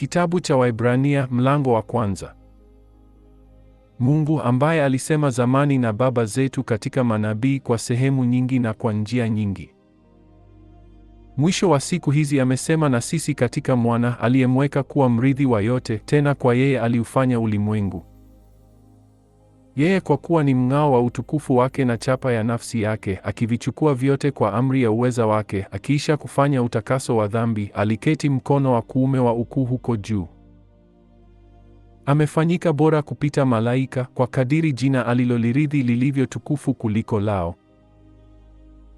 Kitabu cha Waibrania mlango wa kwanza. Mungu ambaye alisema zamani na baba zetu katika manabii kwa sehemu nyingi na kwa njia nyingi. Mwisho wa siku hizi amesema na sisi katika mwana aliyemweka kuwa mrithi wa yote, tena kwa yeye aliufanya ulimwengu. Yeye kwa kuwa ni mng'ao wa utukufu wake na chapa ya nafsi yake, akivichukua vyote kwa amri ya uweza wake, akiisha kufanya utakaso wa dhambi, aliketi mkono wa kuume wa ukuu huko juu. Amefanyika bora kupita malaika, kwa kadiri jina alilolirithi lilivyo tukufu kuliko lao.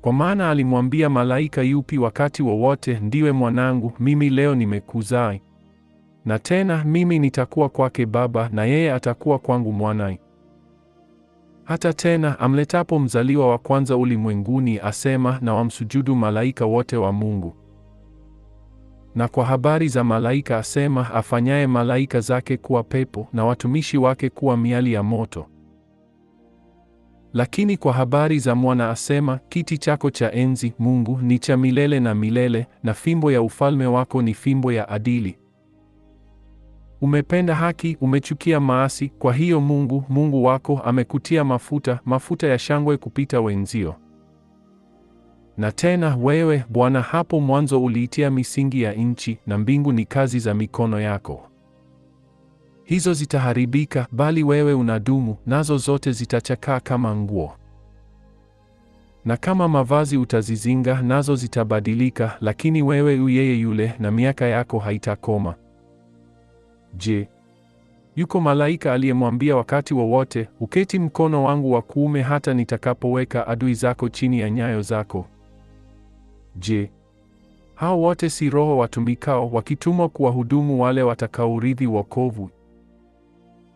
Kwa maana alimwambia malaika yupi wakati wowote, ndiwe mwanangu, mimi leo nimekuzai Na tena mimi nitakuwa kwake baba, na yeye atakuwa kwangu mwana. Hata tena amletapo mzaliwa wa kwanza ulimwenguni, asema na wamsujudu malaika wote wa Mungu. Na kwa habari za malaika asema, afanyaye malaika zake kuwa pepo na watumishi wake kuwa miali ya moto. Lakini kwa habari za mwana asema, kiti chako cha enzi Mungu ni cha milele na milele, na fimbo ya ufalme wako ni fimbo ya adili. Umependa haki, umechukia maasi. Kwa hiyo Mungu, Mungu wako amekutia mafuta, mafuta ya shangwe kupita wenzio. Na tena wewe Bwana, hapo mwanzo uliitia misingi ya nchi, na mbingu ni kazi za mikono yako. Hizo zitaharibika, bali wewe unadumu, nazo zote zitachakaa kama nguo na kama mavazi utazizinga, nazo zitabadilika, lakini wewe u yeye yule, na miaka yako haitakoma. Je, yuko malaika aliyemwambia wakati wowote, uketi mkono wangu wa kuume hata nitakapoweka adui zako chini ya nyayo zako? Je, hao wote si roho watumikao wakitumwa kuwahudumu wale watakaourithi wokovu?